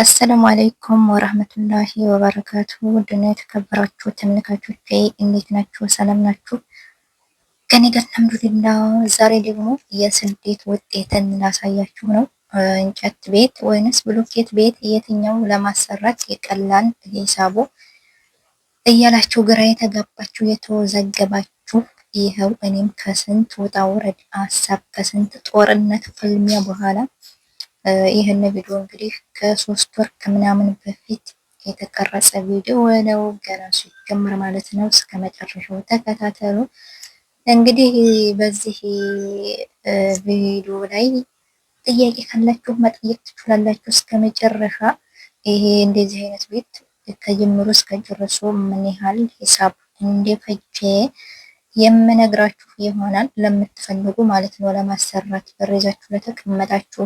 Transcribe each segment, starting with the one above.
አሰላሙ አለይኩም ወራህመቱላሂ ወበረካቱ ውድና የተከበራችሁ ተመልካቾቼ እንዴት ናችሁ? ሰላም ናችሁ? ከኔ ጋር አልሐምዱሊላህ። ዛሬ ደግሞ የስንዴት ውጤትን ላሳያችሁ ነው። እንጨት ቤት ወይንስ ብሎኬት ቤት የትኛው ለማሰራት የቀላል ሂሳቡ እያላችሁ ግራ የተጋባችሁ የተወዘገባችሁ፣ ይኸው እኔም ከስንት ውጣ ውረድ አሳብ ከስንት ጦርነት ፍልሚያ በኋላ ይህን ቪዲዮ እንግዲህ ከሶስት ወር ከምናምን በፊት የተቀረጸ ቪዲዮ ነው። ገና ሲጀምር ማለት ነው። እስከ መጨረሻው ተከታተሉ። እንግዲህ በዚህ ቪዲዮ ላይ ጥያቄ ካላችሁ መጠየቅ ትችላላችሁ። እስከ መጨረሻ ይሄ እንደዚህ አይነት ቤት ከጀምሮ እስከ ጨረሱ ምን ያህል ሂሳብ እንደፈጀ የምነግራችሁ ይሆናል ለምትፈልጉ ማለት ነው። ለማሰራት ብር ለተቀመጣችሁ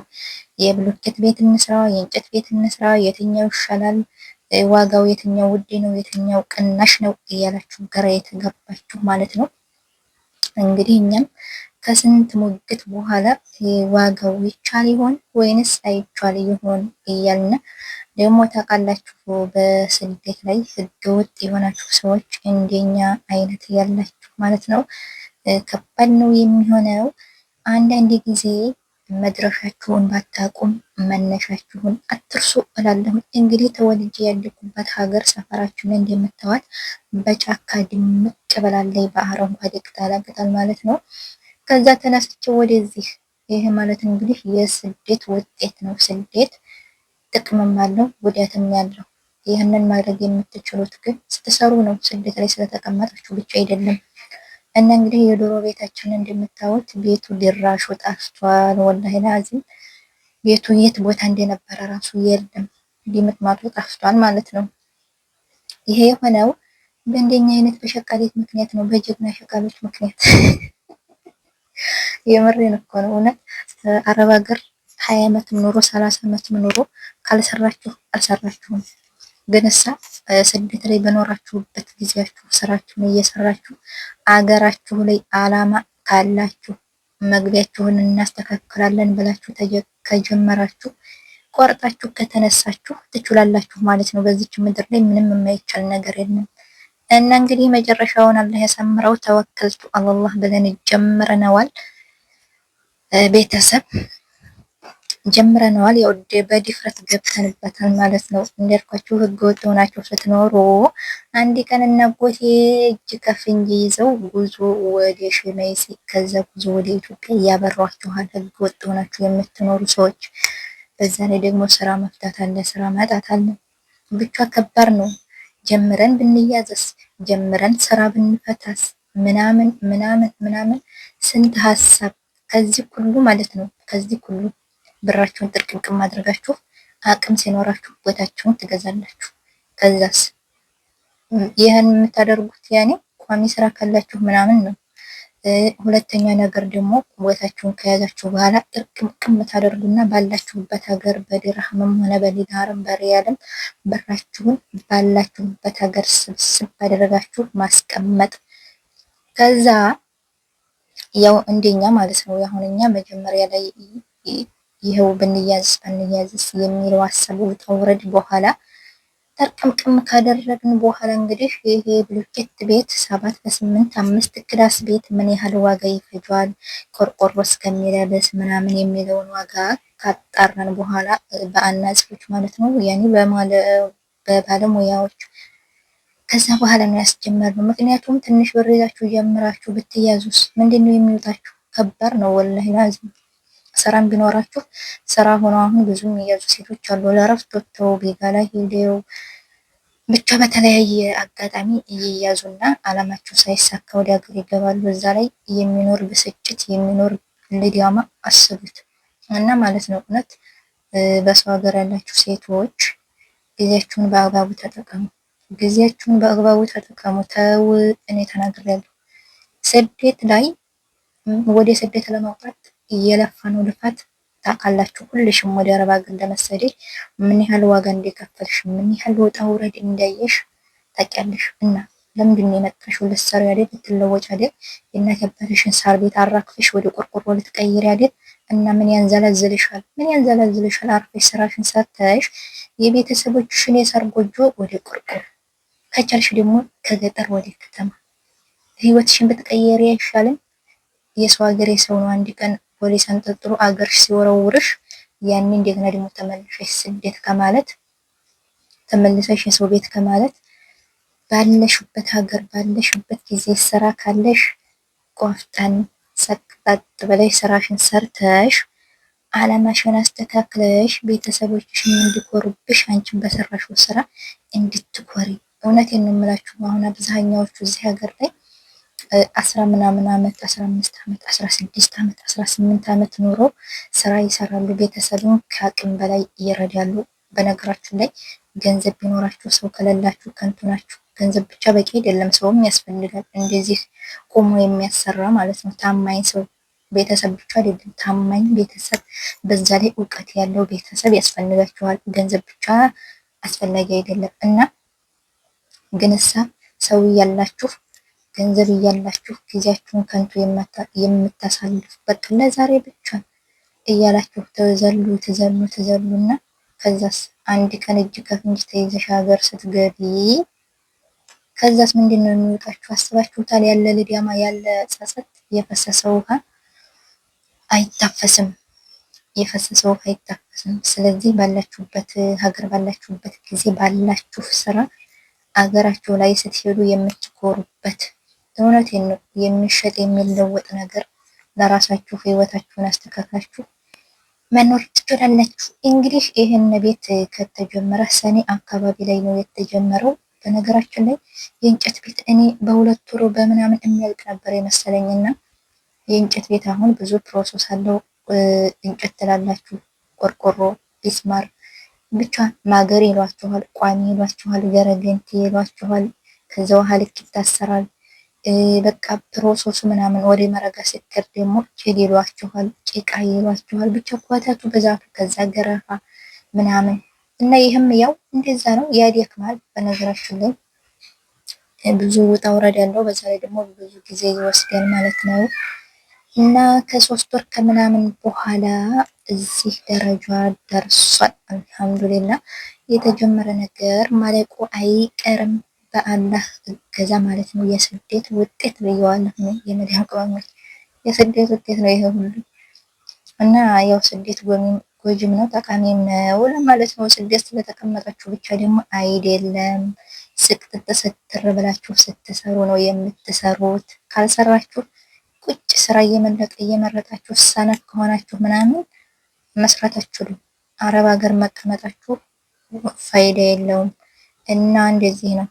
የብሎኬት ቤት እንስራ፣ የእንጨት ቤት እንስራ፣ የትኛው ይሻላል፣ ዋጋው የትኛው ውድ ነው፣ የትኛው ቅናሽ ነው እያላችሁ ግራ የተገባችሁ ማለት ነው። እንግዲህ እኛም ከስንት ሙግት በኋላ ዋጋው ይቻል ይሆን ወይንስ አይቻል ይሆን እያልን ደግሞ ታውቃላችሁ፣ በስደት ላይ ህገወጥ የሆናችሁ ሰዎች እንደኛ አይነት ያላችሁ ማለት ነው ከባድ ነው የሚሆነው። አንዳንድ ጊዜ መድረሻችሁን ባታቁም መነሻችሁን አትርሱ እላለሁ። እንግዲህ ተወልጄ ያደኩበት ሀገር ሰፈራችን እንደምታዋት በጫካ ድምቅ ብላለች፣ በአረንጓዴ ቅጠላ ቅጠል ማለት ነው። ከዛ ተነስቼ ወደዚህ ይህ ማለት እንግዲህ የስደት ውጤት ነው። ስደት ጥቅምም አለው ጉዳትም ያለው። ይህንን ማድረግ የምትችሉት ግን ስትሰሩ ነው። ስደት ላይ ስለተቀመጣችሁ ብቻ አይደለም። እና እንግዲህ የዶሮ ቤታችን እንደምታዩት ቤቱ ድራሹ ጣፍቷል። ወላሂ ላዚም ቤቱ የት ቦታ እንደነበረ ራሱ የለም። ዲምጥማጡ ጣፍቷል ማለት ነው። ይሄ የሆነው በእንደኛ አይነት በሸቃሌት ምክንያት ነው፣ በጀግና ሸቃሌት ምክንያት። የምሬን እኮ ነው። እውነት አረብ ሀገር ሀያ ዓመት ኑሮ ሰላሳ ዓመት ኑሮ ካልሰራችሁ አልሰራችሁም። ግን እሳ ስደት ላይ በኖራችሁበት ጊዜያችሁ ስራችሁን እየሰራችሁ አገራችሁ ላይ አላማ ካላችሁ መግቢያችሁን እናስተካክላለን ብላችሁ ከጀመራችሁ ቆርጣችሁ ከተነሳችሁ ትችላላችሁ ማለት ነው። በዚች ምድር ላይ ምንም የማይቻል ነገር የለም እና እንግዲህ መጨረሻውን አላህ ያሳምረው። ተወከልቱ አላህ ብለን ጀምረነዋል ቤተሰብ ጀምረነዋል። ያው በድፍረት ገብተንበታል ማለት ነው። ህገ ወጥ ሆናችሁ ስትኖሩ አንድ ቀን ጎቴ እጅ ከፍንጅ ይዘው ጉዞ ወደ ሽመይስ፣ ከዛ ጉዞ ወደ ኢትዮጵያ እያበሯችኋል። ወጥ ሆናችሁ የምትኖሩ ሰዎች፣ በዛ ላይ ደግሞ ስራ መፍታት አለ፣ ስራ ማጣት አለ። ብቻ ከባድ ነው። ጀምረን ብንያዘስ፣ ጀምረን ስራ ብንፈታስ፣ ምናምን ምናምን ምናምን፣ ስንት ሀሳብ ከዚህ ሁሉ ማለት ነው ከዚህ ሁሉ ብራችሁን ጥርቅምቅም አድርጋችሁ አቅም ሲኖራችሁ ቦታችሁን ትገዛላችሁ። ከዛስ ይህን የምታደርጉት ያኔ ቋሚ ስራ ካላችሁ ምናምን ነው። ሁለተኛ ነገር ደግሞ ቦታችሁን ከያዛችሁ በኋላ ጥርቅምቅም ታደርጉና ባላችሁበት ሀገር በዲርሃምም ሆነ በዲናርም በሪያልም ብራችሁን ባላችሁበት ሀገር ስብስብ ባደረጋችሁ ማስቀመጥ ከዛ ያው እንደኛ ማለት ነው። ያሁን እኛ መጀመሪያ ላይ ይኸው ብንያዝ ባንያዝስ የሚለው አሰብ ውጣ ውረድ በኋላ ጠርቅምቅም ካደረግን በኋላ እንግዲህ ይሄ ብሎኬት ቤት ሰባት በስምንት አምስት ክላስ ቤት ምን ያህል ዋጋ ይፈጃል፣ ቆርቆሮ እስከሚለብስ ምናምን የሚለውን ዋጋ ካጣራን በኋላ በአናጺዎች ማለት ነው ያኔ በማለ በባለሙያዎች ከዛ በኋላ ነው ያስጀመርነው። ምክንያቱም ትንሽ ብር ይዛችሁ ጀምራችሁ ብትያዙስ ምንድን ነው የሚወጣችሁ? ከባድ ነው ወላሂ ላዚም ስራም ቢኖራችሁ ስራ ሆኖ አሁን ብዙ የሚያዙ ሴቶች አሉ። ለረፍት ወጥተው ቤጋ ላይ ሄደው ብቻ በተለያየ አጋጣሚ እየያዙና አላማቸው ሳይሳካ ወደ ሀገር ይገባሉ። እዛ ላይ የሚኖር ብስጭት የሚኖር ልዲያማ አስቡት እና ማለት ነው። እውነት በሰው ሀገር ያላችሁ ሴቶች ጊዜያችሁን በአግባቡ ተጠቀሙ። ጊዜያችሁን በአግባቡ ተጠቀሙ። ተው እኔ ተናግሬያለሁ። ስደት ላይ ወደ ስደት ለማውጣት የለፋነው ልፋት ታውቃላችሁ። ሁልሽም ወደ አረብ ሀገር ለመሰደድ ምን ያህል ዋጋ እንደከፈልሽ፣ ምን ያህል ወጣ ውረድ እንዳየሽ ታውቂያለሽ። እና ለምንድን ነው የመጣሽው? ልትሰሪ አይደል? ልትለወጭ አይደል? የእናት ያባትሽን ሳር ቤት አራክፍሽ ወደ ቆርቆሮ ልትቀይሪ አይደል? እና ምን ያንዘላዝልሻል? ምን ያንዘላዝልሻል? አርፈሽ ስራሽን ሰርተሽ የቤተሰቦችሽን የሳር ጎጆ ወደ ቆርቆሮ ከቻልሽ ደግሞ ከገጠር ወደ ከተማ ህይወትሽን ብትቀየሪ አይሻልም? የሰው ሀገር የሰው ነው። አንድ ቀን ፖሊስ አንጠጥሮ አገር ሲወረውርሽ ያኔ እንደገና ደግሞ ተመልሰሽ ስደት ከማለት ተመልሰሽ የሰው ቤት ከማለት ባለሽበት ሀገር ባለሽበት ጊዜ ስራ ካለሽ ቆፍጠን ሰቅጣጥ ብለሽ ስራሽን ሰርተሽ አላማሽን አስተካክለሽ ቤተሰቦችሽን እንዲኮሩብሽ አንቺን በሰራሽው ስራ እንድትኮሪ። እውነቴን ነው የምላችሁ። አሁን አብዛኛዎቹ እዚህ ሀገር ላይ አስራ ምናምን ዓመት አስራ አምስት ዓመት አስራ ስድስት ዓመት አስራ ስምንት አመት ኖረው ስራ ይሰራሉ። ቤተሰብን ከአቅም በላይ ይረዳሉ። በነገራችሁ ላይ ገንዘብ ቢኖራችሁ ሰው ከሌላችሁ ከንቱ ናችሁ። ገንዘብ ብቻ በቂ አይደለም፣ ሰውም ያስፈልጋል። እንደዚህ ቆሞ የሚያሰራ ማለት ነው። ታማኝ ሰው ቤተሰብ ብቻ አይደለም፣ ታማኝ ቤተሰብ፣ በዛ ላይ እውቀት ያለው ቤተሰብ ያስፈልጋችኋል። ገንዘብ ብቻ አስፈላጊ አይደለም እና ግንሳ ሰው ያላችሁ ገንዘብ እያላችሁ ጊዜያችሁን ከንቱ የምታሳልፉበት ቀን ለዛሬ ብቻ እያላችሁ ተዘሉ ተዘሉ ተዘሉ እና ከዛስ አንድ ቀን እጅ ከፍንጅ ተይዘሽ ሀገር ስትገቢ ከዛስ ምንድን ነው የሚወጣችሁ? አስባችሁታል? ያለ ልዳማ ያለ ጸጸት የፈሰሰ ውሃ አይታፈስም። የፈሰሰ ውሃ አይታፈስም። ስለዚህ ባላችሁበት ሀገር ባላችሁበት ጊዜ ባላችሁ ስራ አገራችሁ ላይ ስትሄዱ የምትኮሩበት እውነቴን ነው የሚሸጥ የሚለወጥ ነገር ለራሳችሁ ህይወታችሁን አስተካክላችሁ መኖር ትችላላችሁ። እንግዲህ ይህን ቤት ከተጀመረ ሰኔ አካባቢ ላይ ነው የተጀመረው። በነገራችን ላይ የእንጨት ቤት እኔ በሁለት ወሩ በምናምን የሚያልቅ ነበር የመሰለኝ እና የእንጨት ቤት አሁን ብዙ ፕሮሰስ አለው። እንጨት ትላላችሁ፣ ቆርቆሮ፣ ቢስማር ብቻ ማገር ይሏችኋል፣ ቋሚ ይሏችኋል፣ ገረገንቲ ይሏችኋል። ከዛ ውሃ ልክ ይታሰራል። በቃ ፕሮሰሱ ምናምን ወደ መረጋ ስትቀር ደግሞ ጭድ ይሏችኋል፣ ጭቃ ይሏችኋል። ብቻ ኳታችሁ በዛቱ ከዛ ገረፋ ምናምን እና ይህም ያው እንደዛ ነው ያደክማል። በነገራችን ላይ ብዙ ውጣ ውረድ ያለው በዛ ላይ ደግሞ ብዙ ጊዜ ይወስዳል ማለት ነው እና ከሶስት ወር ከምናምን በኋላ እዚህ ደረጃ ደርሷል። አልሐምዱሊላ የተጀመረ ነገር ማለቁ አይቀርም። በአላህ እገዛ ማለት ነው። የስደት ውጤት ብየዋለሁ ነው የመድሃን ቅመሞች የስደት ውጤት ነው ይሄ ሁሉ እና ያው ስደት ጎጅም ነው ጠቃሚም ነው ለማለት ነው። ስደት ስለተቀመጣችሁ ብቻ ደግሞ አይደለም። ስቅጥጥ ስትር ብላችሁ ስትሰሩ ነው የምትሰሩት። ካልሰራችሁ ቁጭ ስራ እየመለጠ እየመረጣችሁ ሰነፍ ከሆናችሁ ምናምን መስራታችሁ አረብ ሀገር መቀመጣችሁ ፋይዳ የለውም እና እንደዚህ ነው።